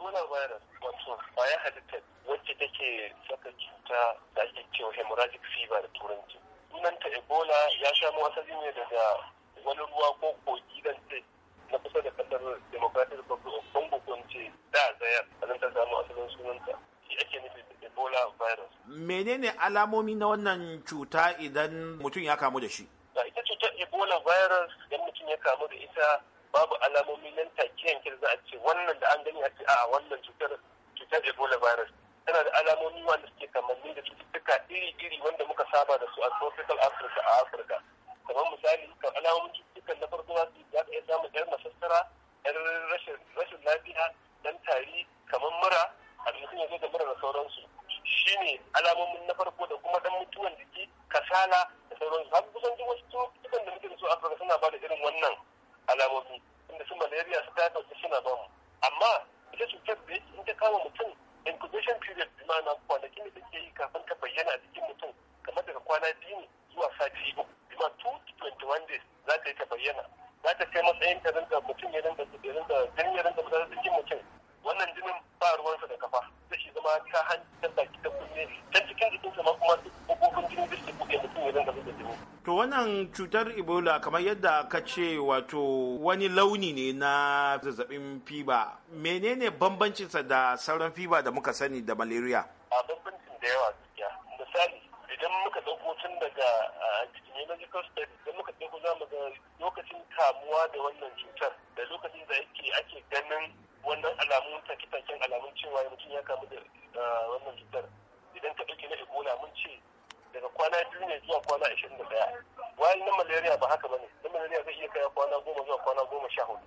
ebola virus wato kwayar halittar wacce take saka cuta da ake cewa hemorrhagic fever da turanci sunanta ebola ya samo asali ne daga wani ruwa ko kogi dan na kusa da kasar democratic republic of congo ko da zayar a ta samu asalin sunanta shi ake nufi da ebola virus menene alamomi na wannan cuta idan mutum ya kamu da shi ita cutar ebola virus idan mutum ya kamu da ita a wannan cutar cutar ebola virus tana da alamomi wanda suke kamanni da cututtuka iri-iri wanda muka saba da su a tropical africa a africa kamar misali kan alamomin cututtukan na farko za su za iya samun yar masassara yar rashin lafiya dan tari kamar mura a mutum ya da mura da sauransu shine alamomin na farko da kuma dan mutuwan jiki kasala da sauransu har kusan duk wasu cututtukan da muke da su a africa suna ba da irin wannan alamomi inda su malaria su typhoid suna ba mu amma ita cutar da in ta kama mutum incubation period bi ma'ana kwanakin da take yi kafin ta bayyana a jikin mutum kamar daga kwana biyu zuwa sati uku bi ma 2 days za ta yi ta bayyana za ta kai matsayin ta rinka mutum ya rinka da ya rinka da mutum wannan jinin to wannan cutar ebola kamar yadda ka ce wato wani launi ne na zazzabin fiba menene bambancinsa da sauran fiba da muka sani da malaria a bambancin da yawa gaskiya misali idan muka ɗauko tun daga epidemiological study idan muka ɗauko za mu ga lokacin kamuwa da wannan cutar da lokacin da ake ake ganin wannan alamun takitakin alamun cewa mutum ya kamu da wannan cutar daga kwana biyu ne zuwa kwana ashirin da ɗaya. Wayan na malaria ba haka ba ne, na malaria zai iya kai kwana goma zuwa kwana goma sha hudu.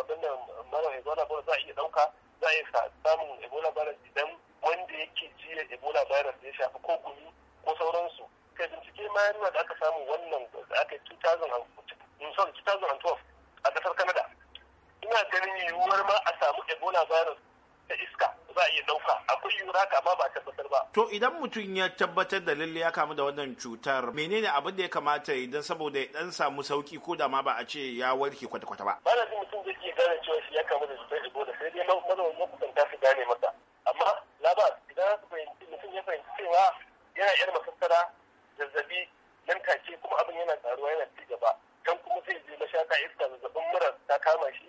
abin mara ebola virus za a iya ɗauka za a iya samun ebola virus idan wanda yake jiya ebola virus ya shafi ko gumi ko sauransu kai bincike ma yana da aka samu wannan da aka yi 2012 a kasar canada ina ganin yiwuwar ma a samu ebola virus za a iya ɗauka akwai yiwuwar haka amma ba tabbatar ba. To idan mutum ya tabbatar da lalle ya kamu da wannan cutar menene abin da ya kamata idan saboda ya dan samu sauki ko da ma ba a ce ya warke kwata-kwata ba. Ba na jin mutum zai iya gane cewa shi ya kamu da cutar Ebola sai dai manoma ta fi gane masa. Amma labar idan mutum ya fahimci cewa yana yar masassara zazzabi nan take kuma abin yana karuwa yana ci gaba kan kuma zai je mashaka iska zazzabin mura ta kama shi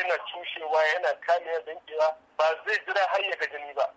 yana cushewa yana kamewa dankewa ba zai jira har ya jini ba